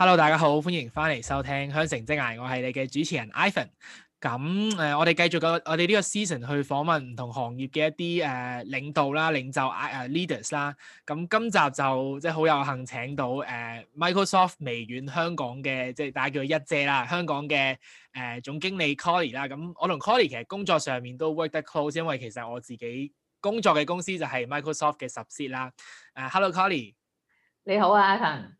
Hello，大家好，歡迎翻嚟收聽《香城職涯》，我係你嘅主持人 Ivan。咁、嗯、誒、嗯，我哋繼續我個我哋呢個 season 去訪問唔同行業嘅一啲誒領導啦、領袖、領袖、領袖、領袖啊、leaders 啦。咁、啊、今集就即係好有幸請到誒、啊、Microsoft 微軟香港嘅，即係大家叫佢一姐啦，香港嘅誒、呃、總經理 Cally 啦、啊。咁、嗯、我同 Cally 其實工作上面都 work 得 close，因為其實我自己工作嘅公司就係 Microsoft 嘅 subsidiary 啦。誒、啊、Hello，Cally。啊、Hello, 你好啊，Ivan。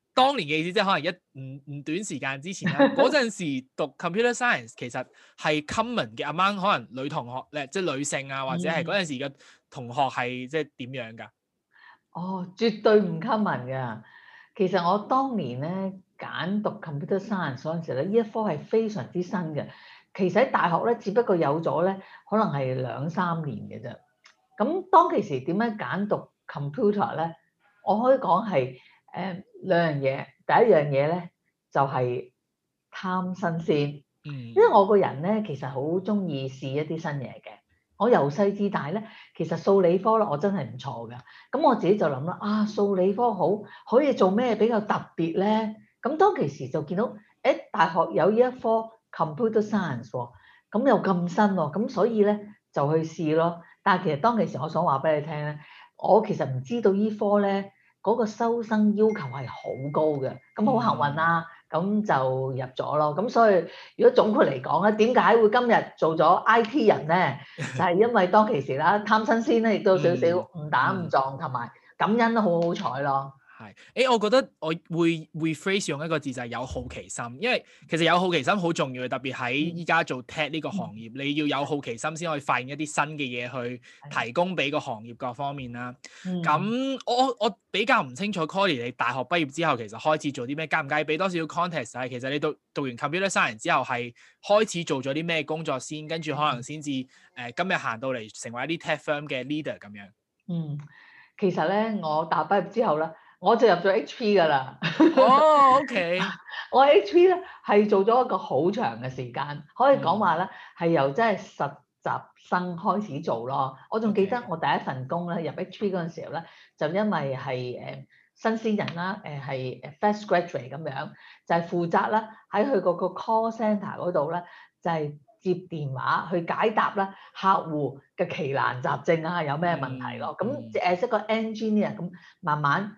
當年嘅意思即係可能一唔唔短時間之前啦，嗰陣 時讀 computer science 其實係 common 嘅？阿啱可能女同學咧，即係女性啊，或者係嗰陣時嘅同學係即係點樣噶、嗯？哦，絕對唔 common 噶。其實我當年咧揀讀 computer science 嗰陣時咧，呢一科係非常之新嘅。其實喺大學咧，只不過有咗咧，可能係兩三年嘅啫。咁當其時點樣揀讀 computer 咧？我可以講係誒。呃兩樣嘢，第一樣嘢咧就係、是、貪新鮮，因為我個人咧其實好中意試一啲新嘢嘅。我由細至大咧，其實數理科咧我真係唔錯㗎。咁我自己就諗啦，啊數理科好，可以做咩比較特別咧？咁當其時就見到，誒大學有依一科 computer science 喎、哦，咁又咁新喎、哦，咁所以咧就去試咯。但係其實當其時我想話俾你聽咧，我其實唔知道依科咧。嗰個收生要求係好高嘅，咁好幸運啦、啊，咁就入咗咯。咁所以如果總括嚟講咧，點解會今日做咗 I.T. 人咧？ 就係因為當其時啦，貪新鮮咧，亦都少少誤打誤撞，同埋 感恩都好好彩咯。誒，我覺得我會 rephrase 用一個字就係有好奇心，因為其實有好奇心好重要嘅，特別喺依家做 tech 呢個行業，嗯、你要有好奇心先可以發現一啲新嘅嘢去提供俾個行業各方面啦。咁、嗯、我我比較唔清楚 Cally 你大學畢業之後其實開始做啲咩？介唔介意俾多少少 context 啊？其實你讀讀完 computer science 之後係開始做咗啲咩工作先，跟住可能先至誒今日行到嚟成為一啲 tech firm 嘅 leader 咁樣。嗯，其實咧我大學畢業之後咧。我就入咗 H.P. 噶啦，哦，O.K. 我 H.P. 咧係做咗一個好長嘅時間，可以講話咧係由真係實習生開始做咯。我仲記得我第一份工咧入 H.P. 嗰陣時候咧，就因為係誒、呃、新鮮人啦，誒係 fresh graduate 咁樣，就係、是、負責啦喺佢嗰個 call centre 嗰度咧，就係、是、接電話去解答啦客戶嘅奇難雜症啊，有咩問題咯？咁誒、嗯、一個 engineer 咁慢慢。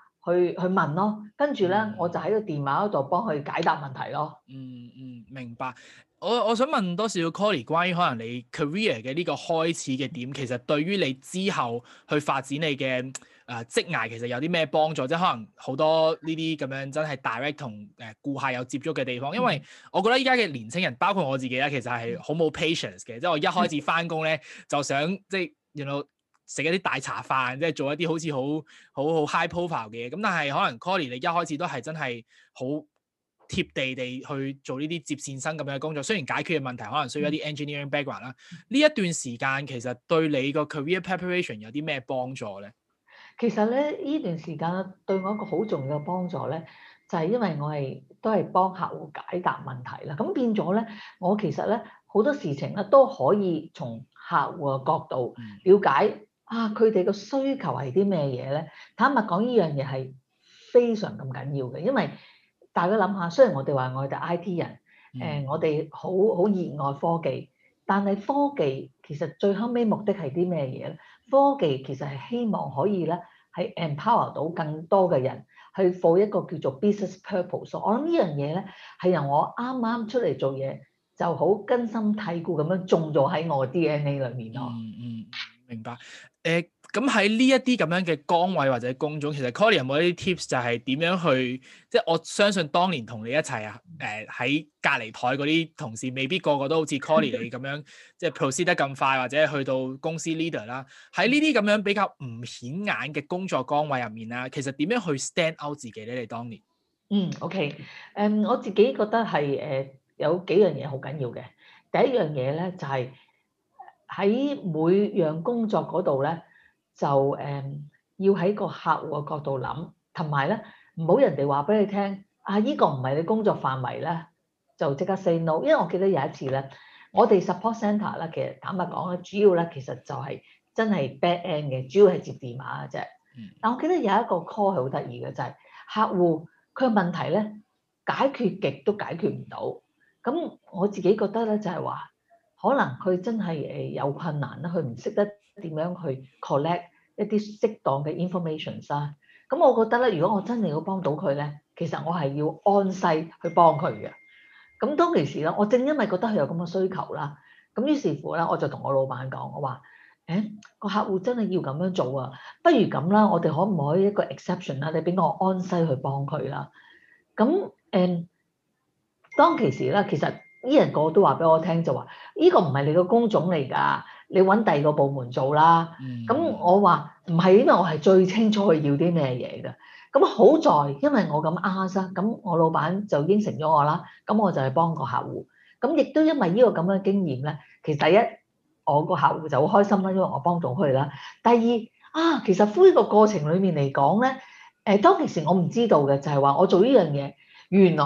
去去問咯，跟住咧我就喺個電話嗰度幫佢解答問題咯。嗯嗯，明白。我我想問多少少 Cally 關於可能你 career 嘅呢個開始嘅點，嗯、其實對於你之後去發展你嘅誒、呃、職涯，其實有啲咩幫助？即係可能好多呢啲咁樣真係 direct 同誒顧客有接觸嘅地方。因為我覺得依家嘅年輕人，包括我自己咧，其實係好冇 patience 嘅，即係我一開始返工咧就想即係然後。You know, 食一啲大茶飯，即係做一啲好似好好好 high profile 嘅嘢。咁但係可能 Cally，你一開始都係真係好貼地地去做呢啲接線生咁樣嘅工作。雖然解決嘅問題可能需要一啲 engineering background 啦。呢、嗯、一段時間其實對你個 career preparation 有啲咩幫助咧？其實咧，呢段時間對我一個好重要嘅幫助咧，就係、是、因為我係都係幫客戶解答問題啦。咁變咗咧，我其實咧好多事情咧都可以從客戶嘅角度了解、嗯。啊！佢哋個需求係啲咩嘢咧？坦白講，呢樣嘢係非常咁緊要嘅，因為大家諗下，雖然我哋話我哋 IT 人，誒、嗯呃、我哋好好熱愛科技，但係科技其實最後尾目的係啲咩嘢咧？科技其實係希望可以咧，係 empower 到更多嘅人去做一個叫做 business purpose 我。我諗呢樣嘢咧，係由我啱啱出嚟做嘢就好根深蒂固咁樣種咗喺我 DNA 裏面咯。嗯明白，誒咁喺呢一啲咁樣嘅崗位或者工種，其實 Cally 有冇一啲 tips 就係點樣去，即係我相信當年同你一齊啊，誒、呃、喺隔離台嗰啲同事未必個個都好似 Cally 你咁樣，即係 proceed 得咁快或者去到公司 leader 啦。喺呢啲咁樣比較唔顯眼嘅工作崗位入面啦，其實點樣去 stand out 自己咧？你當年嗯 OK，誒、um, 我自己覺得係誒有幾樣嘢好緊要嘅。第一樣嘢咧就係、是。喺每樣工作嗰度咧，就誒、嗯、要喺個客戶嘅角度諗，同埋咧唔好人哋話俾你聽啊！依、這個唔係你工作範圍咧，就即刻 say no。因為我記得有一次咧，我哋 support centre 咧，其實坦白講咧，主要咧其實就係、是、真係 back end 嘅，主要係接電話嗰隻。但我記得有一個 call 係好得意嘅，就係、是、客戶佢嘅問題咧解決極都解決唔到，咁我自己覺得咧就係、是、話。可能佢真係誒有困難啦，佢唔識得點樣去 collect 一啲適當嘅 information 啦。咁我覺得咧，如果我真係要幫到佢咧，其實我係要 on-site 去幫佢嘅。咁當其時咧，我正因為覺得佢有咁嘅需求啦，咁於是乎咧，我就同我老闆講，我、哎、話，誒個客戶真係要咁樣做啊，不如咁啦，我哋可唔可以一個 exception 啦？你俾我 on-site 去幫佢啦。咁誒，and, 當其時咧，其實。呢人個個都話俾我聽，就話呢、這個唔係你個工種嚟㗎，你揾第二個部門做啦。咁、嗯、我話唔係，因為我係最清楚佢要啲咩嘢㗎。咁好在，因為我咁啱啦，咁我老闆就應承咗我啦。咁我就係幫個客戶。咁亦都因為呢個咁樣嘅經驗咧，其實第一我個客戶就好開心啦，因為我幫到佢啦。第二啊，其實灰個過程裡面嚟講咧，誒、呃、當其時我唔知道嘅就係、是、話我做呢樣嘢，原來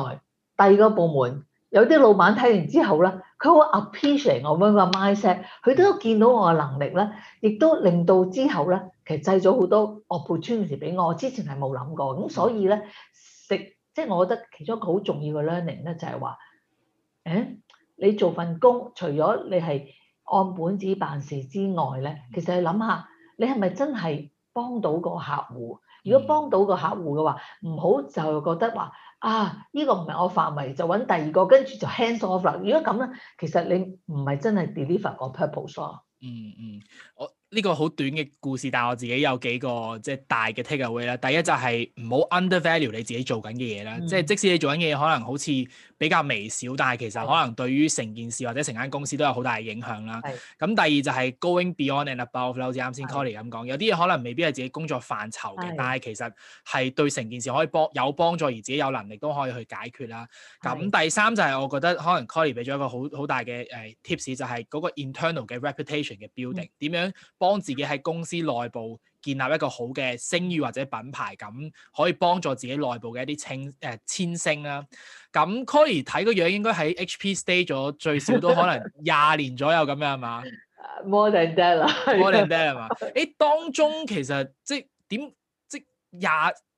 第二個部門。有啲老闆睇完之後咧，佢會 appreciate 我嗰個 mindset，佢都見到我嘅能力咧，亦都令到之後咧，其實製咗好多 opportunity 俾我。我之前係冇諗過，咁所以咧食，即係我覺得其中一個好重要嘅 learning 咧，就係話，誒，你做份工，除咗你係按本子辦事之外咧，其實你諗下，你係咪真係幫到個客戶？如果幫到個客戶嘅話，唔好就覺得話。啊！呢個唔係我範圍，就揾第二個，跟住就 hands off 啦。如果咁咧，其實你唔係真係 deliver 個 purpose。嗯嗯，我。呢個好短嘅故事，但係我自己有幾個即係大嘅 takeaway 啦。第一就係唔好 undervalue 你自己做緊嘅嘢啦，嗯、即係即使你做緊嘅嘢可能好似比較微小，但係其實可能對於成件事或者成間公司都有好大嘅影響啦。咁是第二就係 going beyond and above，好似啱先 Cally 咁講，是有啲嘢可能未必係自己工作範疇嘅，是但係其實係對成件事可以幫有幫助而自己有能力都可以去解決啦。咁是第三就係我覺得可能 Cally 俾咗一個好好大嘅誒 tips，就係、是、嗰個 internal 嘅 reputation 嘅 building，點、嗯、樣？幫自己喺公司內部建立一個好嘅聲譽或者品牌，咁可以幫助自己內部嘅一啲升誒遷升啦。咁、呃啊、Cally 睇個樣應該喺 HP stay 咗最少都可能廿年左右咁樣係嘛 More than that 啦 More than that 係嘛？誒、欸，當中其實即點即廿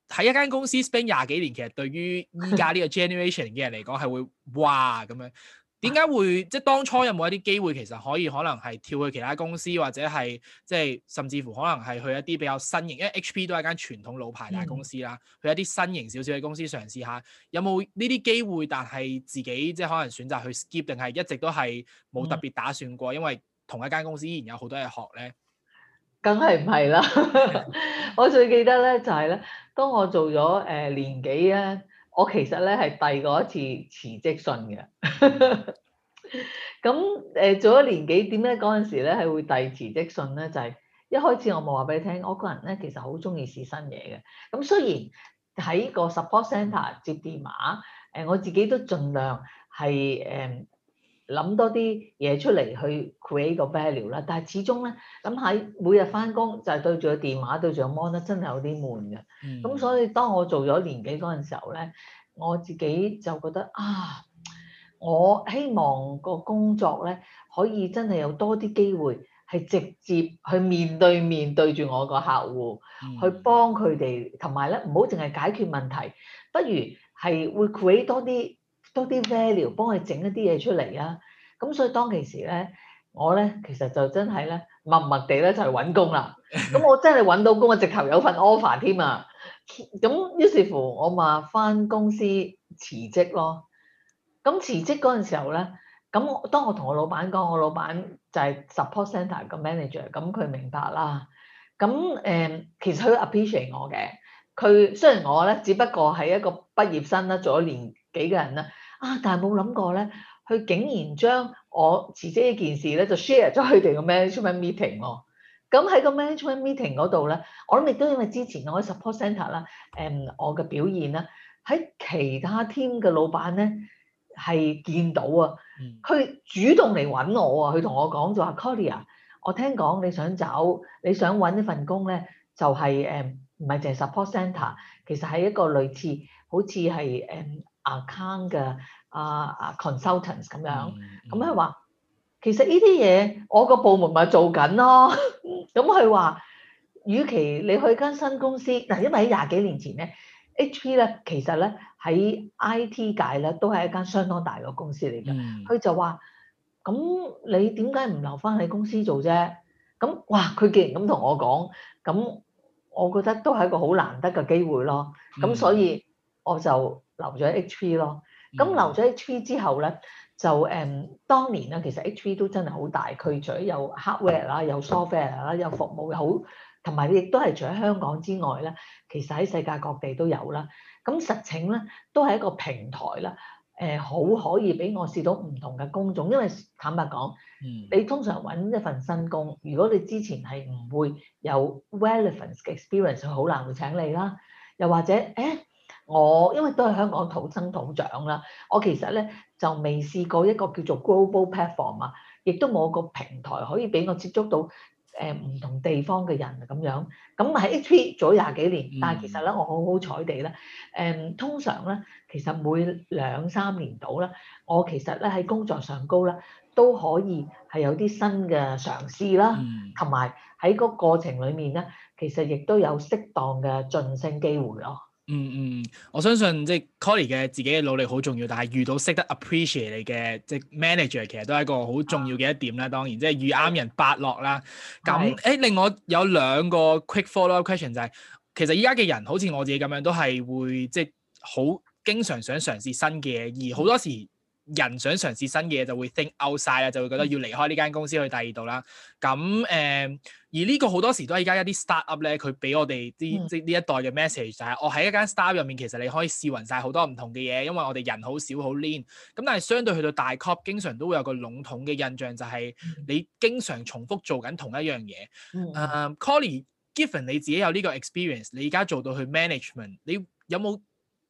喺一間公司 spend 廿幾年，其實對於依家呢個 generation 嘅人嚟講係會哇咁樣。點解會即係當初有冇一啲機會，其實可以可能係跳去其他公司，或者係即係甚至乎可能係去一啲比較新型，因為 HP 都係間傳統老牌大公司啦。嗯、去一啲新型少少嘅公司嘗試下，有冇呢啲機會？但係自己即係可能選擇去 skip，定係一直都係冇特別打算過，嗯、因為同一間公司依然有好多嘢學咧。梗係唔係啦？ 我最記得咧就係、係、咧，當我做咗誒、呃、年幾啊。我其實咧係遞過一次辭職信嘅， 咁誒做咗年幾點咧？嗰陣時咧係會遞辭職信咧，就係、是、一開始我冇話俾你聽，我個人咧其實好中意試新嘢嘅。咁雖然喺個 support centre 接電話，誒我自己都盡量係誒。嗯諗多啲嘢出嚟去 create 個 value 啦，但係始終咧諗下每日翻工就是、對住個電話對住個 m o n e 真係有啲悶嘅，咁、嗯、所以當我做咗年幾嗰陣時候咧，我自己就覺得啊，我希望個工作咧可以真係有多啲機會係直接去面對面對住我個客戶，嗯、去幫佢哋同埋咧唔好淨係解決問題，不如係會 create 多啲。多啲 value，幫佢整一啲嘢出嚟啊，咁所以當其時咧，我咧其實就真係咧默默地咧就係揾工啦。咁我真係揾到工，我直頭有份 offer 添啊。咁於是乎我咪翻公司辭職咯。咁辭職嗰陣時候咧，咁當我同我老闆講，我老闆就係 support centre 個 manager，咁佢明白啦。咁誒、呃，其實佢 appreciate 我嘅。佢雖然我咧只不過係一個畢業生啦，做咗年幾嘅人啦。啊！但係冇諗過咧，佢竟然將我辭職一件事咧，就 share 咗佢哋個 management meeting 咯。咁喺個 management meeting 嗰度咧，我諗亦都因為之前我喺 support centre 啦，誒我嘅表現啦，喺其他 team 嘅老闆咧係見到啊，佢、嗯嗯、主動嚟揾我啊，佢同我講就話 Cally 我聽講你想走，你想揾呢份工咧，就係誒唔係淨係 support centre 其實係一個類似好似係誒。嗯 account 嘅啊啊 consultants 咁樣，咁佢話其實呢啲嘢我個部門咪做緊咯，咁佢話，與、嗯嗯嗯、其你去間新公司，嗱因為喺廿幾年前咧，HP 咧其實咧喺 IT 界咧都係一間相當大嘅公司嚟嘅，佢就話，咁、嗯嗯嗯、你點解唔留翻喺公司做啫？咁、嗯、哇，佢既然咁同我講，咁我覺得都係一個好難得嘅機會咯，咁所以我就。留咗 HP 咯，咁留咗 HP 之後咧，Yeah. 就誒、um, 當年咧，其實 HP 都真係好大，佢除咗有 hardware 啦，有 software 啦，有服務，好同埋亦都係除咗香港之外咧，其實喺世界各地都有啦。咁實請咧都係一個平台啦，誒、呃、好可以俾我試到唔同嘅工種，因為坦白講，mm. 你通常揾一份新工，如果你之前係唔會有 relevance 嘅 experience，佢好難會請你啦。又或者誒？欸我因為都係香港土生土長啦，我其實咧就未試過一個叫做 global platform，啊，亦都冇個平台可以俾我接觸到誒、呃、唔同地方嘅人咁樣。咁喺 HP 做咗廿幾年，但係其實咧我好好彩地咧，誒、呃、通常咧其實每兩三年度咧，我其實咧喺工作上高咧都可以係有啲新嘅嘗試啦，同埋喺個過程裡面咧，其實亦都有適當嘅晉升機會咯。嗯嗯，我相信即係 Cally 嘅自己嘅努力好重要，但係遇到識得 appreciate 你嘅即係 manager，其實都係一個好重要嘅一點啦。當然，即係遇啱人伯樂啦。咁誒、嗯，令我、欸、有兩個 quick follow up question 就係、是，其實依家嘅人好似我自己咁樣，都係會即係好經常想嘗試新嘅嘢，而好多時。人想嘗試新嘢就會 think outside 就會覺得要離開呢間公司去第二度啦。咁誒、呃，而呢個好多時都係而家一啲 start up 咧，佢俾我哋啲即呢一代嘅 message 就係、是，嗯、我喺一間 start up 入面其實你可以試勻晒好多唔同嘅嘢，因為我哋人好少好 lean。咁但係相對去到大 company 經常都會有個籠統嘅印象就係、是，嗯、你經常重複做緊同一樣嘢。誒、嗯 uh, Cally given 你自己有呢個 experience？你而家做到去 management，你有冇？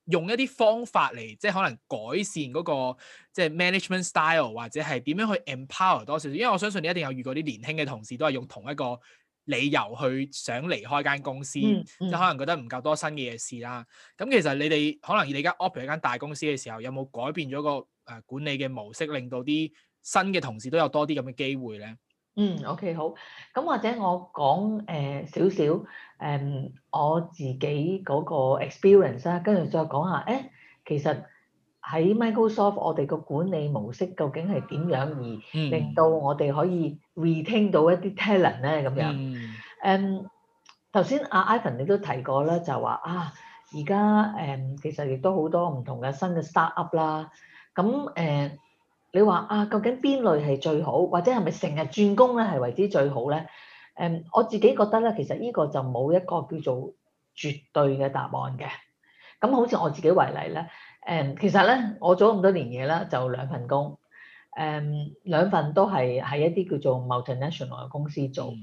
用一啲方法嚟，即係可能改善嗰、嗰個即係 management style，或者係點樣去 empower 多少少，因為我相信你一定有遇過啲年輕嘅同事都係用同一個理由去想離開間公司，嗯嗯、即可能覺得唔夠多新嘅嘢試啦。咁、嗯嗯、其實你哋可能而你間 operate 間大公司嘅時候，有冇改變咗個誒管理嘅模式，令到啲新嘅同事都有多啲咁嘅機會咧？嗯，OK，好。咁或者我講誒少少誒我自己嗰個 experience 啦，跟住再講下，誒、欸、其實喺 Microsoft 我哋個管理模式究竟係點樣，而令到我哋可以 retain 到一啲 talent 咧咁樣。誒頭先阿 Ivan 你都提過啦，就話啊，而家誒其實亦都好多唔同嘅新嘅 start up 啦，咁、嗯、誒。呃你話啊，究竟邊類係最好，或者係咪成日轉工咧係為之最好咧？誒、嗯，我自己覺得咧，其實呢個就冇一個叫做絕對嘅答案嘅。咁、嗯、好似我自己為例咧，誒、嗯，其實咧我做咁多年嘢啦，就兩份工，誒、嗯，兩份都係喺一啲叫做 multinational 嘅公司做。誒、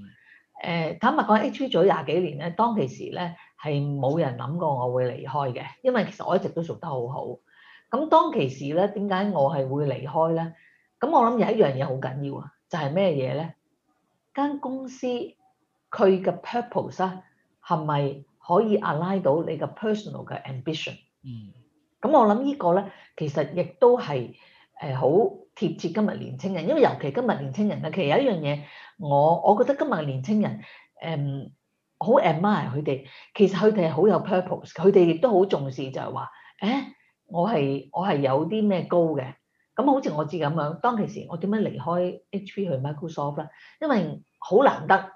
嗯，坦白講，HP 做廿幾年咧，當其時咧係冇人諗過我會離開嘅，因為其實我一直都做得好好。咁當其時咧，點解我係會離開咧？咁我諗有一樣嘢好緊要啊，就係咩嘢咧？間公司佢嘅 purpose 啊，係咪可以 align 到你嘅 personal 嘅 ambition？嗯。咁我諗呢個咧，其實亦都係誒好貼切今日年青人，因為尤其今日年青人咧，其實有一樣嘢，我我覺得今日嘅年青人誒好 admire 佢哋，其實佢哋係好有 purpose，佢哋亦都好重視就係話，誒。我係我係有啲咩高嘅，咁好似我自己咁樣。當其時我點樣離開 HP 去 Microsoft 呢？因為好難得，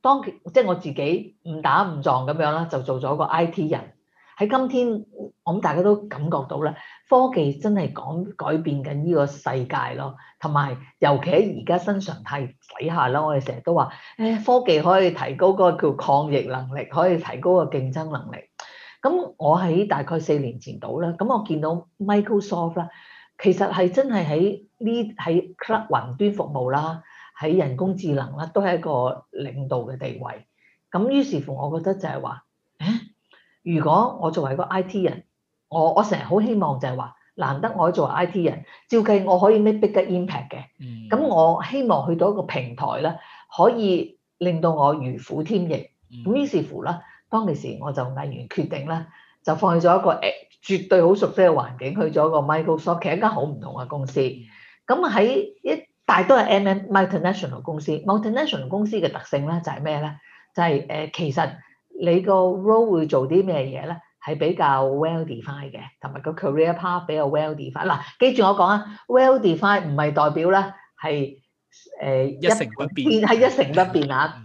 當其即係我自己誤打誤撞咁樣啦，就做咗個 IT 人。喺今天，我諗大家都感覺到啦，科技真係講改變緊呢個世界咯，同埋尤其喺而家新常態底下啦，我哋成日都話，誒、哎、科技可以提高個叫抗疫能力，可以提高個競爭能力。咁我喺大概四年前到啦，咁我見到 Microsoft 啦，其實係真係喺呢喺雲端服務啦，喺人工智能啦，都係一個領導嘅地位。咁於是乎，我覺得就係話，誒，如果我作為一個 IT 人，我我成日好希望就係話，難得我作為 IT 人，照計我可以 make bigger impact 嘅。咁、嗯、我希望去到一個平台咧，可以令到我如虎添翼。咁於、嗯、是乎啦。當其時我就毅然決定啦，就放棄咗一個誒絕對好熟悉嘅環境，去咗一個 Microsoft，其實一間好唔同嘅公司。咁喺一大都係 M M multinational 公司。multinational 公司嘅特性咧就係咩咧？就係誒，其實你個 role 會做啲咩嘢咧，係比較 well defined 嘅，同埋個 career path 比較 well defined。嗱，記住我講啊，well defined 唔係代表咧係誒一成不變，係一成不變啊。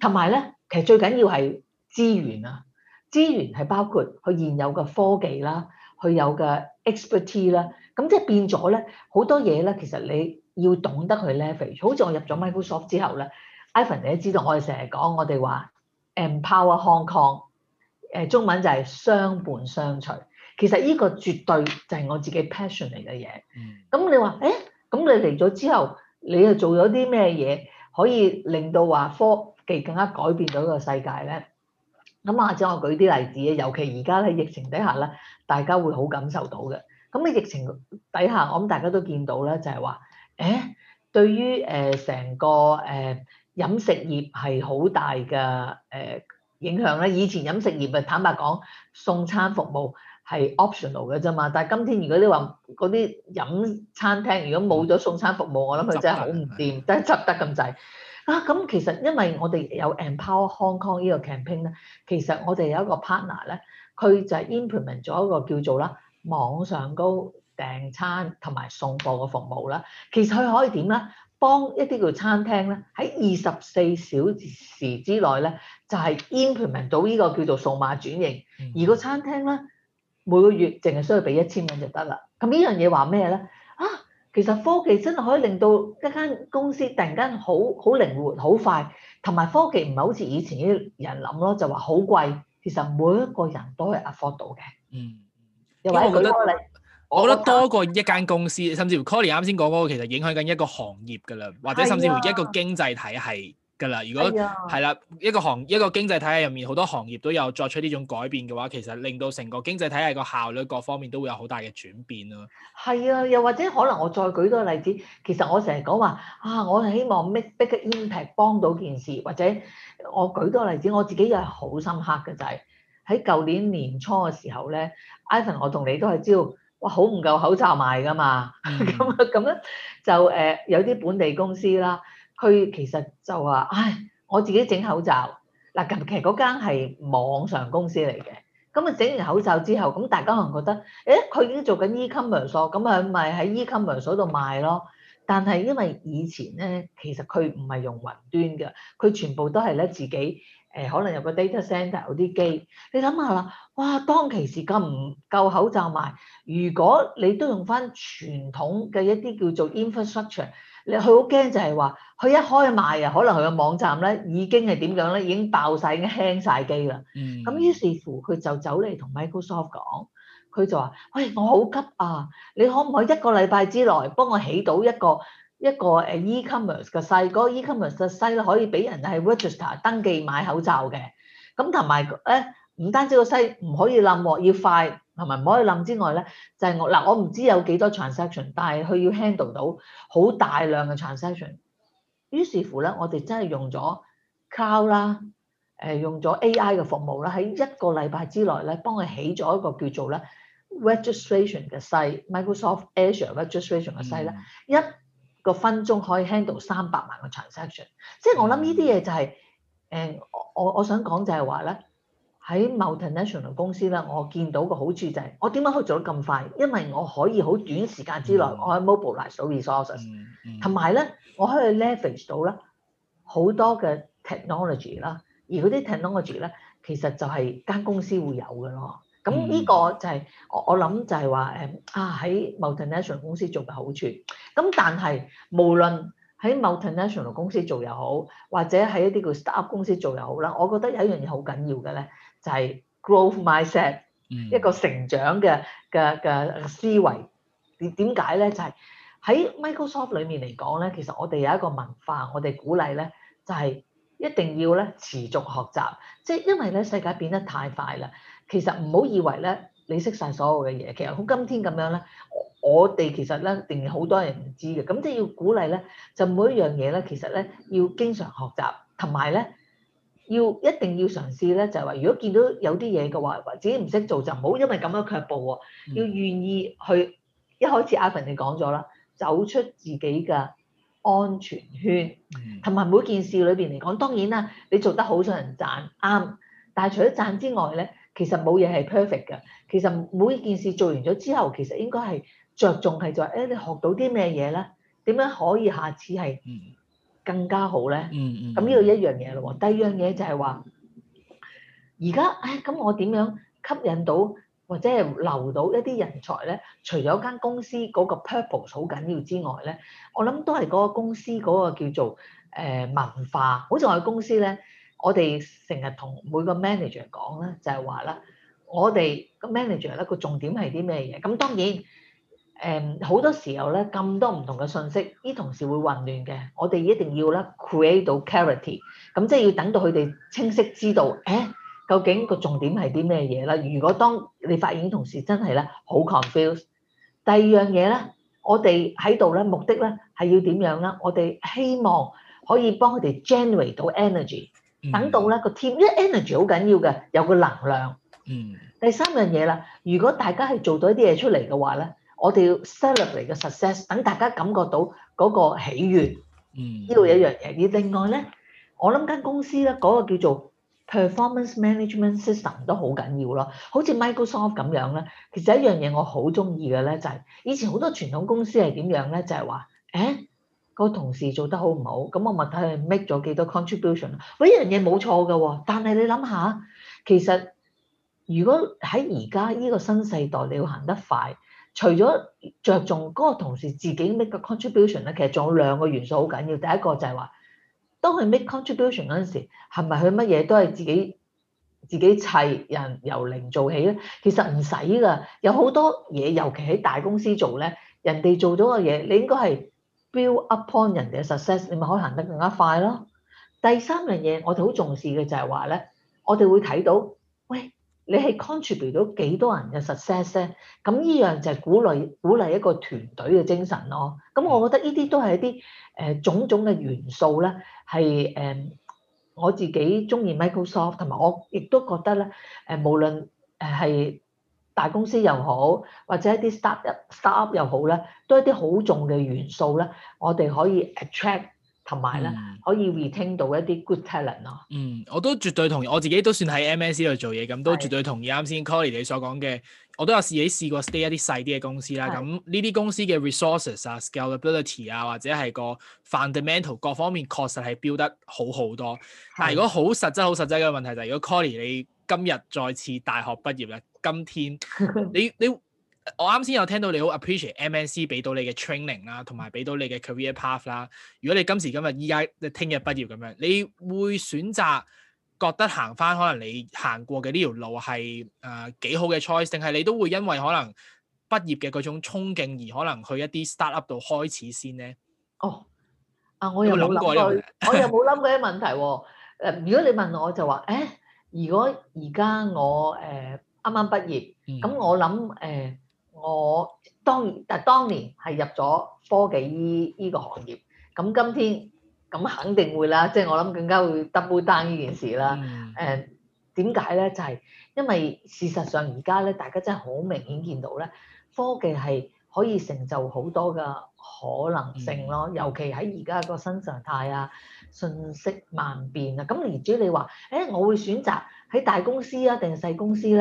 同埋咧，其實最緊要係。資源啊，資源係包括佢現有嘅科技啦，佢有嘅 expertise 啦，咁即係變咗咧好多嘢咧。其實你要懂得去 leverage。好似我入咗 Microsoft 之後咧，Ivan、嗯、你都知道，我哋成日講我哋話 empower Hong Kong，誒、呃、中文就係相伴相隨。其實呢個絕對就係我自己 passion 嚟嘅嘢。咁、嗯、你話誒，咁、欸、你嚟咗之後，你又做咗啲咩嘢可以令到話科技更加改變到個世界咧？咁或者我舉啲例子咧，尤其而家喺疫情底下咧，大家會好感受到嘅。咁喺疫情底下，我諗大家都見到咧，就係話，誒，對於誒成個誒飲食業係好大嘅誒影響咧。以前飲食業咪坦白講，送餐服務係 optional 嘅啫嘛。但係今天如果你話嗰啲飲餐廳如果冇咗送餐服務，嗯、我諗佢真係好唔掂，真係執得咁滯。啊，咁其實因為我哋有 Empower Hong Kong 呢個 campaign 咧，其實我哋有一個 partner 咧，佢就係 implement 咗一個叫做啦網上高訂餐同埋送貨嘅服務啦。其實佢可以點咧？幫一啲叫餐廳咧，喺二十四小時之內咧，就係 implement 到呢個叫做數碼轉型，而個餐廳咧每個月淨係需要俾一千蚊就得啦。咁呢樣嘢話咩咧？其實科技真係可以令到一間公司突然間好好靈活、好快，同埋科技唔係好似以前啲人諗咯，就話好貴。其實每一個人都係 afford 到嘅。嗯，因為我覺得，我覺得多過一間公司，甚至乎 Colin 啱先講嗰個，其實影響緊一個行業㗎啦，或者甚至乎一個經濟體系。噶啦，如果係啦、哎呀，一個行一個經濟體系入面，好多行業都有作出呢種改變嘅話，其實令到成個經濟體系個效率各方面都會有好大嘅轉變咯。係啊，又或者可能我再舉多個例子，其實我成日講話啊，我係希望 make bigger impact 幫到件事，或者我舉多個例子，我自己又係好深刻嘅就係喺舊年年初嘅時候咧，Ivan，我同你都係知道，哇，好唔夠口罩賣噶嘛，咁啊咁咧就誒、呃、有啲本地公司啦。佢其實就話：，唉，我自己整口罩。嗱，近期嗰間係網上公司嚟嘅，咁啊整完口罩之後，咁大家可能覺得，誒，佢已經做緊 e-commerce，咁佢咪喺 e-commerce 度賣咯。但係因為以前咧，其實佢唔係用雲端嘅，佢全部都係咧自己，誒、呃，可能有個 data centre 嗰啲機。你諗下啦，哇，當其時咁唔夠口罩賣，如果你都用翻傳統嘅一啲叫做 infrastructure。你佢好驚就係話，佢一開賣啊，可能佢個網站咧已經係點樣咧，已經爆晒，已經 hang 晒機啦。嗯。咁於是乎佢就走嚟同 Microsoft 講，佢就話：，喂、哎，我好急啊！你可唔可以一個禮拜之內幫我起到一個一個誒 e-commerce 嘅西？嗰、那個 e-commerce 西咧可以俾人係 register 登記買口罩嘅。咁同埋誒，唔、哎、單止個西唔可以冧落，要快。同埋唔可以諗之外咧，就係、是、我嗱，我唔知有幾多 transaction，但係佢要 handle 到好大量嘅 transaction。於是乎咧，我哋真係用咗 cloud 啦，誒用咗 AI 嘅服務啦，喺一個禮拜之內咧，幫佢起咗一個叫做咧 registration 嘅西 Microsoft Azure registration 嘅西咧，嗯、一個分鐘可以 handle 三百萬個 transaction。即係我諗呢啲嘢就係誒我我想講就係話咧。嗯嗯喺 multinational 公司咧，我見到個好處就係、是、我點解可以做得咁快？因為我可以好短時間之內，我喺 mobilised 到 resources，同埋咧我可以 leverage 到啦好多嘅 technology 啦。而嗰啲 technology 咧，其實就係間公司會有嘅咯。咁呢個就係、是、我我諗就係話誒啊喺 multinational 公司做嘅好處。咁但係無論喺 multinational 公司做又好，或者喺一啲叫 start-up 公司做又好啦，我覺得有一樣嘢好緊要嘅咧。就係 growth mindset，一個成長嘅嘅嘅思維。點點解咧？就係喺 Microsoft 裏面嚟講咧，其實我哋有一個文化，我哋鼓勵咧，就係一定要咧持續學習。即係因為咧世界變得太快啦，其實唔好以為咧你識晒所有嘅嘢。其實好今天咁樣咧，我我哋其實咧定好多人唔知嘅。咁即係要鼓勵咧，就每一樣嘢咧，其實咧要經常學習，同埋咧。要一定要嘗試咧，就係話，如果見到有啲嘢嘅話，自己唔識做就唔好，因為咁樣卻步喎。嗯、要願意去一開始阿文你講咗啦，走出自己嘅安全圈，同埋、嗯、每件事裏邊嚟講，當然啦，你做得好想人讚啱，但係除咗讚之外咧，其實冇嘢係 perfect 嘅。其實每件事做完咗之後，其實應該係着重係就係，誒你學到啲咩嘢咧？點樣可以下次係？嗯更加好咧，咁呢個一樣嘢咯喎。第二樣嘢就係話，而家，唉、哎，咁我點樣吸引到或者係留到一啲人才咧？除咗間公司嗰個 purpose 好緊要之外咧，我諗都係嗰個公司嗰個叫做誒、呃、文化。好似我哋公司咧，我哋成日同每個 manager 講咧，就係話啦，我哋個 manager 咧個重點係啲咩嘢？咁當然。誒好、um, 多時候咧咁多唔同嘅信息，啲同事會混亂嘅。我哋一定要咧 create 到 c h a r i t y 咁即係要等到佢哋清晰知道，誒、欸、究竟個重點係啲咩嘢啦？如果當你發現同事真係咧好 c o n f u s e 第二樣嘢咧，我哋喺度咧目的咧係要點樣啦？我哋希望可以幫佢哋 generate 到 energy，、嗯、等到咧個 team，因為 energy 好緊要嘅，有個能量。嗯。第三樣嘢啦，如果大家係做到一啲嘢出嚟嘅話咧。我哋要 celebrate 嘅 success，等大家感覺到嗰個喜悅。嗯，呢度有一樣嘢。而另外咧，我諗間公司咧，嗰、嗰個叫做 performance management system 都好緊要咯。好似 Microsoft 咁樣咧，其實一樣嘢我好中意嘅咧，就係、係、以前好多傳統公司係點樣咧？就係、係、話，誒、嗰個同事做得好唔好？咁我問睇佢 make 咗幾多 contribution。嗰一樣嘢冇錯㗎喎，但係你諗下，其實如果喺而家呢個新世代，你要行得快。除咗着重嗰個同事自己 make 個 contribution 咧，其實仲有兩個元素好緊要。第一個就係話，當佢 make contribution 嗰陣時，係咪佢乜嘢都係自己自己砌人由零做起咧？其實唔使㗎，有好多嘢，尤其喺大公司做咧，人哋做咗個嘢，你應該係 build upon 人哋嘅 success，你咪可以行得更加快咯。第三樣嘢，我哋好重視嘅就係話咧，我哋會睇到，喂。你係 contribute 到幾多人嘅 success 咧？咁呢樣就係鼓勵鼓勵一個團隊嘅精神咯。咁我覺得呢啲都係一啲誒、呃、種種嘅元素咧，係誒、呃、我自己中意 Microsoft，同埋我亦都覺得咧誒、呃、無論係大公司又好，或者一啲 start up start up 又好咧，都係一啲好重嘅元素咧，我哋可以 attract。同埋咧，呢嗯、可以 re 聽到一啲 good talent 咯。嗯，我都絕對同意，我自己都算喺 m s c 度做嘢，咁都絕對同意啱的先說 Colin 你所講嘅。我都有自己試過 stay 一啲細啲嘅公司啦。咁呢啲公司嘅 resources 啊，scalability 啊，或者係個 fundamental 各方面確實係飆得好好多。的但係如果好實質好實質嘅問題就係、是，如果 Colin 你今日再次大學畢業咧，今天你 你。你你你你你我啱先有聽到你好 appreciate MNC 俾到你嘅 training 啦，同埋俾到你嘅 career path 啦。如果你今時今日依家即係聽日畢業咁樣，你會選擇覺得行翻可能你行過嘅呢條路係誒、呃、幾好嘅 choice，定係你都會因為可能畢業嘅嗰種衝勁而可能去一啲 startup 度開始先咧？哦，啊，我又冇諗過，我又冇諗過呢 個問題、啊呃、如果你問我就話，誒、欸，如果而家我誒啱啱畢業，咁、嗯、我諗誒。呃我當但係當年係入咗科技呢呢個行業，咁今天咁肯定會啦，即係我諗更加會 double down 呢件事啦。誒點解咧？就係、是、因為事實上而家咧，大家真係好明顯見到咧，科技係可以成就好多嘅可能性咯，嗯、尤其喺而家個新常態啊，信息萬變啊，咁而至於你話，誒、欸、我會選擇喺大公司啊，定係細公司咧？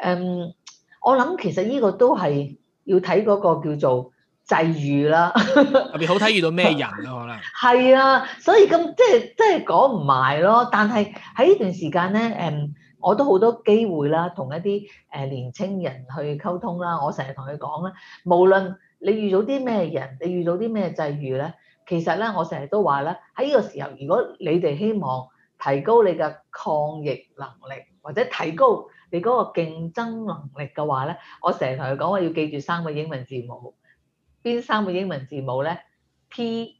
誒、嗯。我諗其實呢個都係要睇嗰個叫做際遇啦 ，特別好睇遇到咩人咯、啊，可能係啊，所以咁即係即係講唔埋咯。但係喺呢段時間咧，誒、嗯、我都好多機會啦，同一啲誒、呃、年青人去溝通啦。我成日同佢講啦，無論你遇到啲咩人，你遇到啲咩際遇咧，其實咧我成日都話咧，喺呢個時候，如果你哋希望提高你嘅抗逆能力或者提高你嗰個競爭能力嘅話咧，我成日同佢講我要記住三個英文字母，邊三個英文字母咧？TSM，T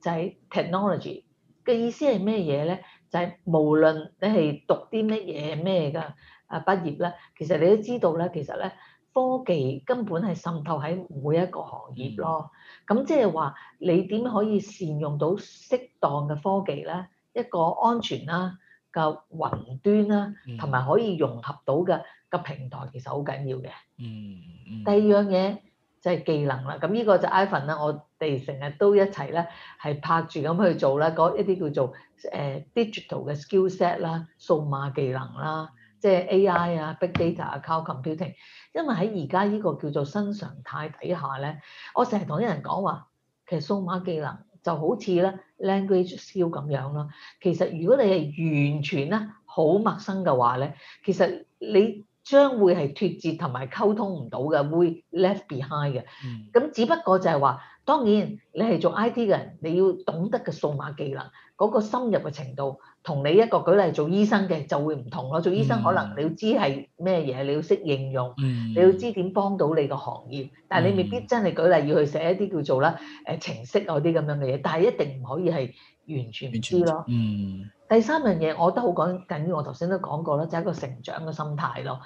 就係 technology 嘅意思係咩嘢咧？就係、是、無論你係讀啲咩嘢咩㗎啊，畢業咧，其實你都知道咧，其實咧科技根本係滲透喺每一個行業咯。咁即係話你點可以善用到適當嘅科技咧？一個安全啦嘅雲端啦，同埋可以融合到嘅個平台其實好緊要嘅、嗯。嗯，第二樣嘢就係、是、技能啦，咁呢個就 iPhone 啦，我哋成日都一齊咧係拍住咁去做啦，嗰一啲叫做誒、呃、digital 嘅 skillset 啦，數碼技能啦，即係、嗯、AI 啊、big data 啊、cloud computing，因為喺而家呢個叫做新常態底下咧，我成日同啲人講話，其實數碼技能。就好似咧 language skill 咁樣咯，其實如果你係完全咧好陌生嘅話咧，其實你將會係脫節同埋溝通唔到嘅，會 left behind 嘅。咁、嗯、只不過就係話。當然，你係做 I.T. 嘅人，你要懂得嘅數碼技能，嗰、嗰個深入嘅程度，同你一個舉例做醫生嘅就會唔同咯。做醫生可能你要知係咩嘢，你要識應用，嗯、你要知點幫到你個行業，但係你未必真係舉例要去寫一啲叫做啦誒、呃、程式嗰啲咁樣嘅嘢。但係一定唔可以係完全唔知咯。嗯。第三樣嘢，我都覺得好緊要，我頭先都講過啦，就係一個成長嘅心態咯。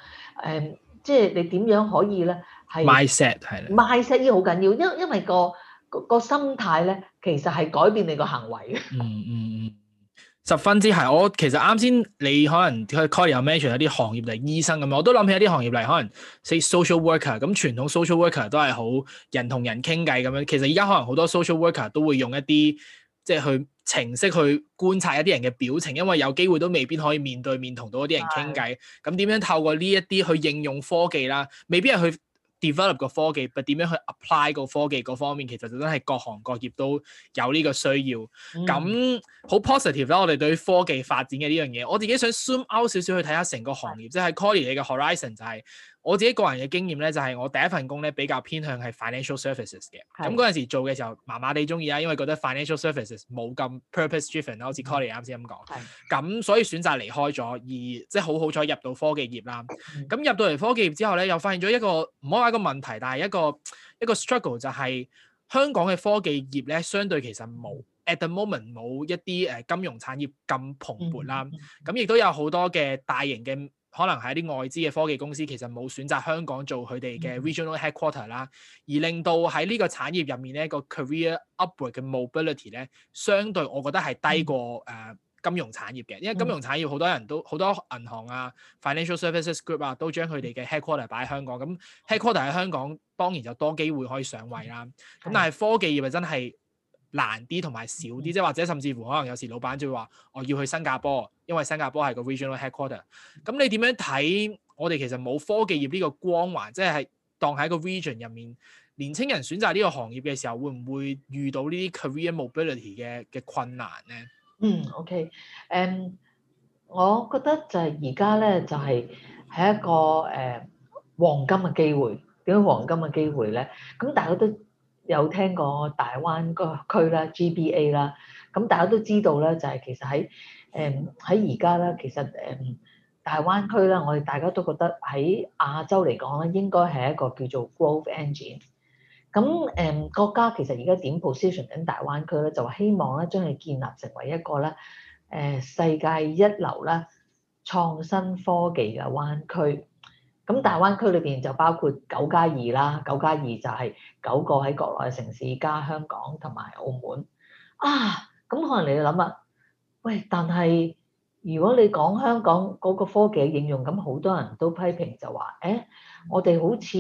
誒，即係你點樣可以咧係 Mindset 係啦。Mindset 好緊要，因為因為個。個心態咧，其實係改變你個行為嘅、嗯。嗯嗯嗯，十分之係。我其實啱先，你可能佢 call your mention 一啲行業嚟醫生咁啊，我都諗起一啲行業嚟，可能 say social worker 咁，傳統 social worker 都係好人同人傾偈咁樣。其實而家可能好多 social worker 都會用一啲即係去程式去觀察一啲人嘅表情，因為有機會都未必可以面對面同到一啲人傾偈。咁點是的 樣透過呢一啲去應用科技啦？未必係去。develop 個科技，咪點樣去 apply 個科技嗰方面，其實就真係各行各業都有呢個需要。咁好、嗯、positive 啦，我哋對於科技發展嘅呢樣嘢，我自己想 zoom out 少少去睇下成個行業，即係 Cally 你嘅 horizon 就係。我自己個人嘅經驗咧，就係、是、我第一份工咧比較偏向係 financial services 嘅。咁嗰陣時做嘅時候，麻麻地中意啦，因為覺得 financial services 冇咁 purpose driven 啦，的好似 Cally 啱先咁講。咁的所以選擇離開咗，而即係好好彩入到科技業啦。咁的入到嚟科技業之後咧，又發現咗一個唔好話一個問題，但係一個一個 struggle 就係香港嘅科技業咧，相對其實冇 at the moment 冇一啲誒金融產業咁蓬勃啦。咁亦都有好多嘅大型嘅。可能係一啲外資嘅科技公司，其實冇選擇香港做佢哋嘅 regional headquarter 啦、嗯，而令到喺呢個產業入面咧個 career upward 嘅 mobility 咧，相對我覺得係低過誒、嗯呃、金融產業嘅，因為金融產業好多人都好多銀行啊 financial services group 啊，都將佢哋嘅 headquarter 擺喺香港，咁 headquarter 喺香港當然就多機會可以上位啦，咁、嗯、但係科技業啊真係。難啲同埋少啲，即係或者甚至乎可能有時老闆就會話：我要去新加坡，因為新加坡係個 regional headquarter。咁你點樣睇？我哋其實冇科技業呢個光環，即係當喺個 region 入面，年輕人選擇呢個行業嘅時候，會唔會遇到呢啲 career mobility 嘅嘅困難咧？嗯，OK，誒，我覺得就係而家咧，就係係一個誒黃金嘅機會。點解黃金嘅機會咧？咁大家都。有聽過大灣區啦、GBA 啦，咁大家都知道咧，就係其實喺誒喺而家咧，嗯、在在其實誒、嗯、大灣區咧，我哋大家都覺得喺亞洲嚟講咧，應該係一個叫做 growth engine。咁、嗯、誒國家其實而家點 position 緊大灣區咧，就希望咧將佢建立成為一個咧誒世界一流咧創新科技嘅灣區。咁大灣區裏邊就包括九加二啦，九加二就係九個喺國內嘅城市加香港同埋澳門啊。咁可能你諗啊，喂，但係如果你講香港嗰個科技應用，咁好多人都批評就話：誒，我哋好似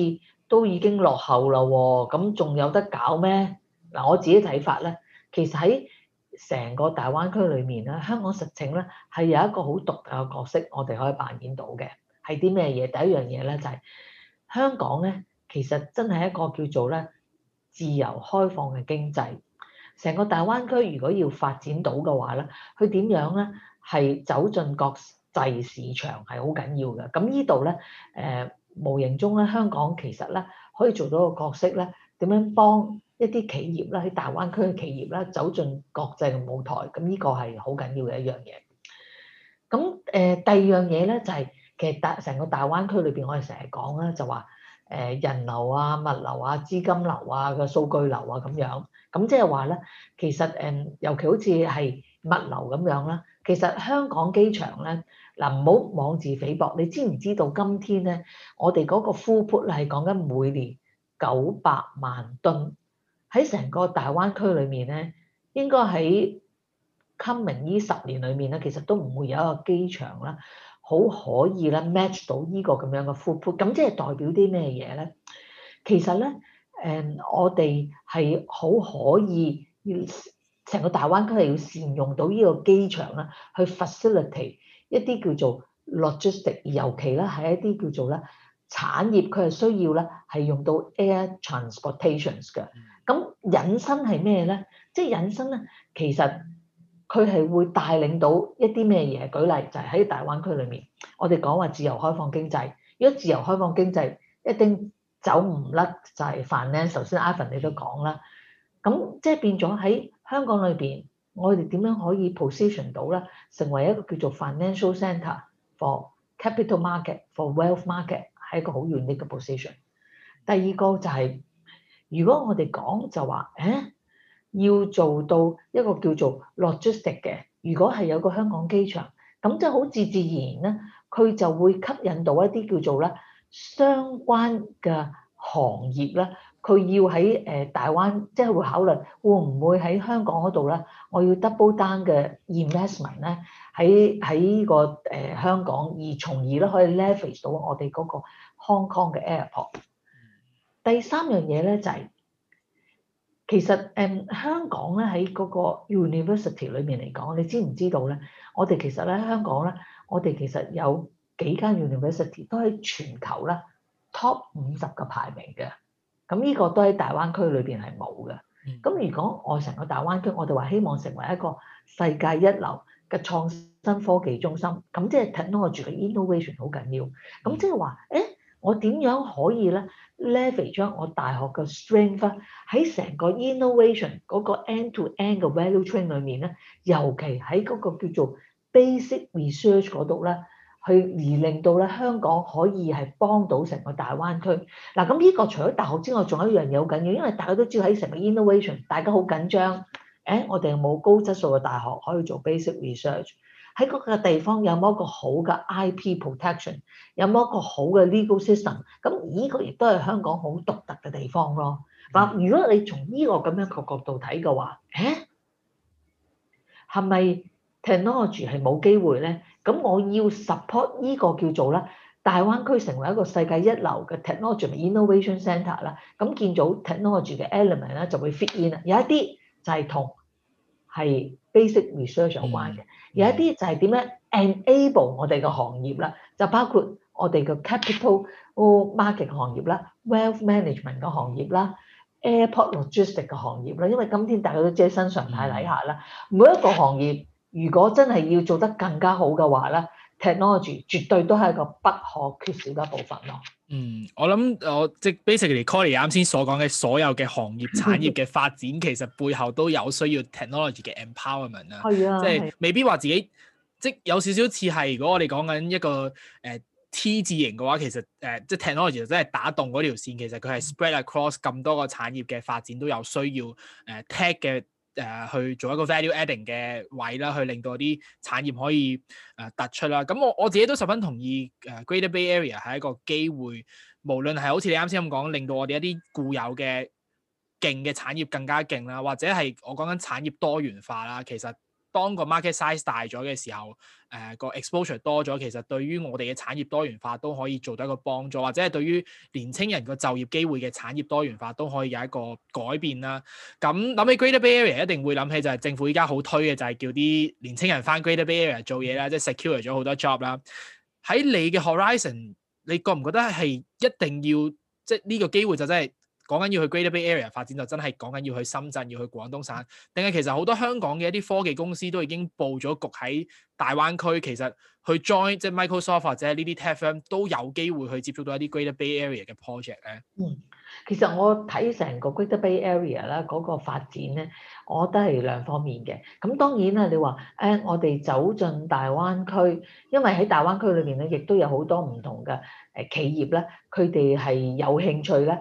都已經落後啦喎，咁仲有得搞咩？嗱，我自己睇法咧，其實喺成個大灣區裏面咧，香港實情咧係有一個好獨特嘅角色，我哋可以扮演到嘅。係啲咩嘢？第一樣嘢咧就係香港咧，其實真係一個叫做咧自由開放嘅經濟。成個大灣區如果要發展到嘅話咧，佢點樣咧係走進國際市場係好緊要嘅。咁呢度咧，誒無形中咧，香港其實咧可以做到個角色咧，點樣幫一啲企業啦，喺大灣區嘅企業啦，走進國際嘅舞台，咁呢個係好緊要嘅一樣嘢。咁誒第二樣嘢咧就係。其實大成個大灣區裏邊，我哋成日講啦，就話誒人流啊、物流啊、資金流啊、個數據流啊咁樣。咁即係話咧，其實誒，尤其好似係物流咁樣啦。其實香港機場咧，嗱唔好妄自菲薄。你知唔知道今天咧，我哋嗰個呼喚係講緊每年九百萬噸喺成個大灣區裏面咧，應該喺 coming 呢十年裏面咧，其實都唔會有一個機場啦。好可以咧 match 到呢個咁樣嘅 footprint，咁即係代表啲咩嘢咧？其實咧，誒、嗯、我哋係好可以，成個大灣區係要善用到呢個機場啦，去 facilitate 一啲叫做 logistics 尤其啦，係一啲叫做咧產業佢係需要啦，係用到 air transportations 嘅。咁引申係咩咧？即係引申咧，其實。佢係會帶領到一啲咩嘢？舉例就係、是、喺大灣區裏面，我哋講話自由開放經濟。如果自由開放經濟一定走唔甩就係、是、finance，首先 Ivan 你都講啦。咁即係變咗喺香港裏邊，我哋點樣可以 position 到咧？成為一個叫做 financial centre for capital market for wealth market 係一個好完美嘅 position。第二個就係、是，如果我哋講就話，誒。要做到一個叫做 logistic 嘅，如果係有個香港機場，咁就好自自然呢，佢就會吸引到一啲叫做啦相關嘅行業啦。佢要喺誒大灣，即係會考慮會唔會喺香港嗰度咧，我要 double down 嘅 investment 咧，喺喺個誒香港，而從而咧可以 leverage 到我哋嗰個 Hong Kong 嘅 airport。第三樣嘢咧就係。其實誒、嗯、香港咧喺嗰個 university 裏面嚟講，你知唔知道咧？我哋其實咧香港咧，我哋其實有幾間 university 都喺全球咧 top 五十個排名嘅。咁呢個都喺大灣區裏邊係冇嘅。咁如果我成個大灣區，我哋話希望成為一個世界一流嘅創新科技中心，咁即係 technology 嘅 innovation 好緊要。咁即係話誒。欸我點樣可以咧 leverage 將我大學嘅 strength 喺成個 innovation 嗰個 end to end 嘅 value chain 裏面咧，尤其喺嗰個叫做 basic research 嗰度咧，去而令到咧香港可以係幫到成個大灣區。嗱咁呢個除咗大學之外，仲有一樣嘢好緊要，因為大家都知道喺成個 innovation，大家好緊張。誒、哎，我哋冇高質素嘅大學可以做 basic research。喺嗰個地方有冇一個好嘅 IP protection，有冇一個好嘅 legal system？咁依個亦都係香港好獨特嘅地方咯。嗱，如果你從依個咁樣個角度睇嘅話，誒係咪 technology 係冇機會咧？咁我要 support 依個叫做咧，大灣區成為一個世界一流嘅 technology innovation centre 啦。咁見到 technology 嘅 element 咧就會 fit in 啦。有一啲就係同係 basic research 有關嘅，嗯、有一啲就係點樣 enable 的我哋嘅行業啦，就包括我哋嘅 capital market 行業啦，wealth management 個行業啦，airport logistic 個行業啦，因為今天大家都知新常態底下啦，嗯、每一個行業如果真係要做得更加好嘅話咧。Technology 絕對都係一個不可缺少嘅部分咯。嗯，我諗我即 basically，Colin 啱先所講嘅所有嘅行業產業嘅發展， 其實背後都有需要 technology 嘅 empowerment、 就是、啊。係啊，即係未必話自己即有少少似係，如果我哋講緊一個誒、呃、T 字型嘅話，其實誒、呃、即 technology 真係打動嗰條線，其實佢係 spread across 咁多個產業嘅發展都有需要誒 tech 嘅。呃誒、呃、去做一個 value adding 嘅位啦，去令到啲產業可以誒、呃、突出啦。咁我我自己都十分同意誒、呃、Greater Bay Area 係一個機會，無論係好似你啱先咁講，令到我哋一啲固有嘅勁嘅產業更加勁啦，或者係我講緊產業多元化啦，其實。當個 market size 大咗嘅時候，誒、呃這個 exposure 多咗，其實對於我哋嘅產業多元化都可以做到一個幫助，或者係對於年青人個就業機會嘅產業多元化都可以有一個改變啦。咁諗起 Greater Bay Area，一定會諗起就係政府依家好推嘅就係、是、叫啲年青人返 Greater Bay Area 做嘢啦，嗯、即係 secure 咗好多 job 啦。喺你嘅 horizon，你覺唔覺得係一定要即係呢個機會就真係？講緊要去 Greater Bay Area 發展就真係講緊要去深圳、要去廣東省，定係其實好多香港嘅一啲科技公司都已經佈咗局喺大灣區。其實去 join 即係、就是、Microsoft 或者呢啲 Tech Firm 都有機會去接觸到一啲 Greater Bay Area 嘅 project 咧。嗯，其實我睇成個 Greater Bay Area 咧嗰個發展咧，我覺得係兩方面嘅。咁當然啦，你話誒、哎、我哋走進大灣區，因為喺大灣區裏邊咧，亦都有好多唔同嘅誒企業咧，佢哋係有興趣咧。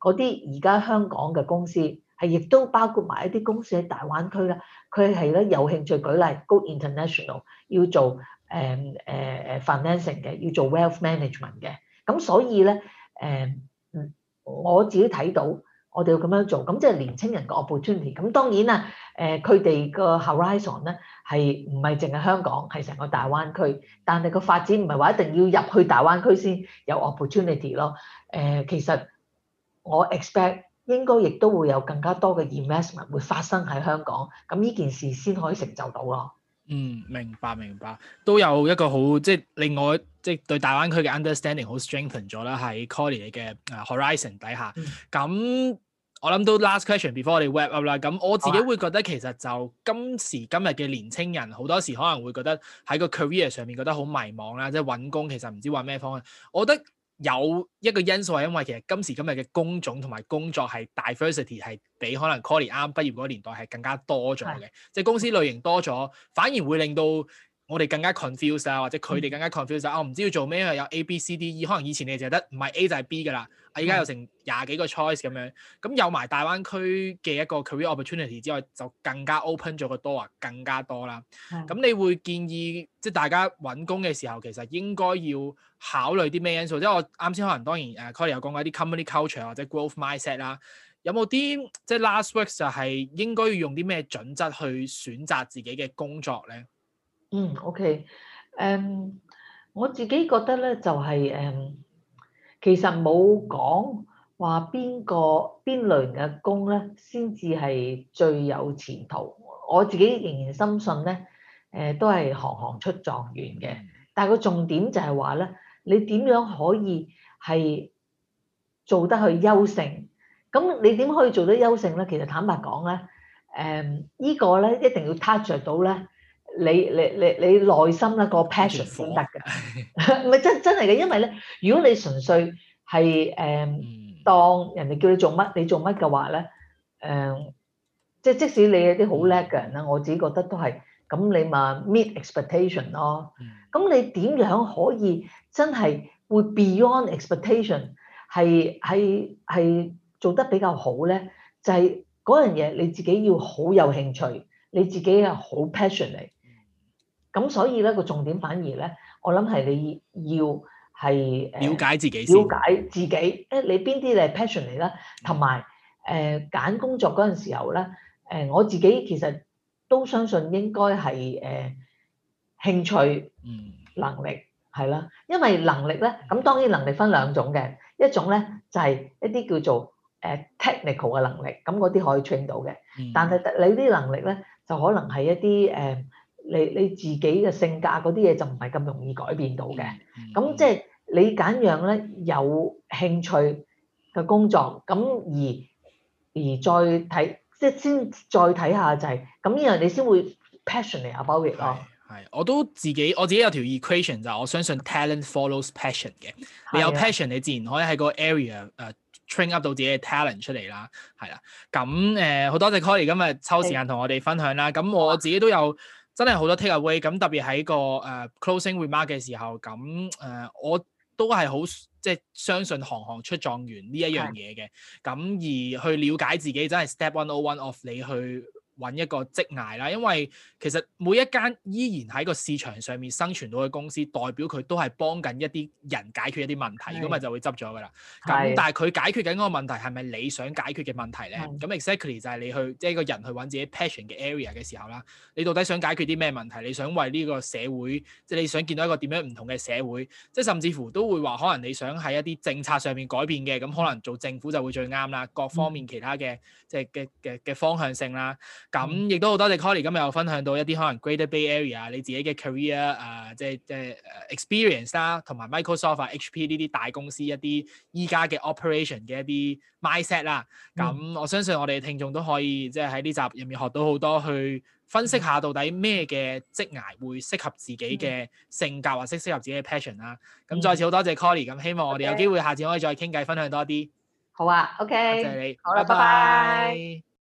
嗰啲而家香港嘅公司係亦都包括埋一啲公司喺大灣區啦，佢係咧有興趣，舉例 Go International 要做誒誒誒 financing 嘅，要做 wealth management 嘅，咁所以咧誒、呃、我自己睇到我哋要咁樣做，咁即係年青人嘅 opportunity，咁當然啦，誒、呃、佢哋個 horizon 咧係唔係淨係香港，係成個大灣區，但係個發展唔係話一定要入去大灣區先有 opportunity 咯，誒、呃、其實。我 expect 應該亦都會有更加多嘅 investment 會發生喺香港，咁呢件事先可以成就到咯。嗯，明白明白，都有一個好即係令我，即係對大灣區嘅 understanding 好 strengthen 咗啦，喺 Cally 你嘅啊 horizon 底下。咁、嗯、我諗到 last question before 我哋 wrap up 啦。咁我自己會覺得其實就今時今日嘅年青人好多時可能會覺得喺個 career 上面覺得好迷茫啦，即係揾工其實唔知揾咩方向。我覺得。有一個因素係因為其實今時今日嘅工種同埋工作係 diversity 係比可能 Cally 啱畢業嗰年代係更加多咗嘅，即係公司類型多咗，反而會令到，我哋更加 confuse 啊，或者佢哋更加 confuse 啊，嗯，我唔，哦，知要做咩，有 A、B、C、D、E，可能以前你哋就得唔係 A 就係 B 噶啦，啊依家有成廿幾個 choice 咁樣，咁，嗯，有埋大灣區嘅一個 career opportunity 之外，就更加 open 咗個 door 更加多啦。咁，嗯，你會建議即係大家揾工嘅時候，其實應該要考慮啲咩因素？即係我啱先可能當然誒，uh，Cally 有講過啲 company culture 或者 growth mindset 啦，有冇啲即係 last words 就係應該要用啲咩準則去選擇自己嘅工作咧？呢嗯，OK，誒，我自己覺得咧就係誒，其實冇講話邊個邊類嘅工咧先至係最有前途。我自己仍然深信咧，誒都係行行出狀元嘅。但係個重點就係話咧，你點樣可以係做得去優勝？咁你點可以做得優勝咧？其實坦白講咧，誒呢個咧一定要 touch 到咧。你你你你內心一個 passion 先得㗎，唔 係樂 真真係嘅。因為咧，如果你純粹係誒、嗯嗯、當人哋叫你做乜，你做乜嘅話咧，誒、嗯、即即使你係啲好叻嘅人咧，嗯、我自己覺得都係咁，你咪 meet expectation 咯。咁、嗯、你點樣可以真係會 beyond expectation，係係係做得比較好咧？就係嗰樣嘢，你自己要好有興趣，你自己係好 passion 嚟。咁所以咧，個重點反而咧，我諗係你要係了解自己，了解自己，誒，你邊啲係 passion 嚟咧？同埋誒，揀工作嗰陣時候咧，誒我自己其實都相信應該係誒興趣、能力係啦。因為能力咧，咁當然能力分兩種嘅，一種咧就係一啲叫做誒 technical 嘅能力，咁嗰啲可以 train 到嘅。但係你啲能力咧，就可能係一啲誒。你你自己嘅性格嗰啲嘢就唔係咁容易改變到嘅，咁、嗯、即係你揀樣咧有興趣嘅工作，咁而而再睇，即係先再睇下就係、是，咁呢樣你先會 passionate about it 咯。係，我都自己我自己有條 equation 就我相信 talent follows passion 嘅，你有 passion 你自然可以喺個 area 誒、uh, train up 到自己嘅 talent 出嚟啦，係啦，咁誒好多謝 Cally 今日抽時間同我哋分享啦，咁的我自己都有。真係好多 takeaway 咁，特別喺個誒、uh, closing remark 嘅時候，咁誒、uh, 我都係好即係相信行行出狀元呢一樣嘢嘅，咁的而去了解自己真係 step one or one off 你去。搵一個職涯啦，因為其實每一間依然喺個市場上面生存到嘅公司，代表佢都係幫緊一啲人解決一啲問題。如果唔係是的 就，就會執咗噶啦。咁是的 但係佢解決緊嗰個問題係咪你想解決嘅問題咧？咁 exactly 是的 就係你去即係、就是、個人去搵自己 passion 嘅 area 嘅時候啦。你到底想解決啲咩問題？你想為呢個社會，即、就、係、是、你想見到一個點樣唔同嘅社會，即、就、係、是、甚至乎都會話可能你想喺一啲政策上面改變嘅。咁可能做政府就會最啱啦。各方面其他嘅、嗯、即係嘅嘅嘅方向性啦。咁亦都好多謝 Cally，今日有分享到一啲可能 Greater Bay Area 你自己嘅 career 誒、呃，即係即係 experience 啦、啊，同埋 Microsoft、啊、HP 呢啲大公司一啲依家嘅 operation 嘅一啲 mindset 啦、啊。咁、嗯嗯、我相信我哋嘅聽眾都可以即係喺呢集入面學到好多，去分析下到底咩嘅職涯會適合自己嘅性格，嗯、或者適合自己嘅 passion 啦、啊。咁、嗯嗯、再次好多謝 Cally，咁希望我哋有機會下次可以再傾偈，分享多啲。好啊，OK。多謝你。好啦、啊，拜拜。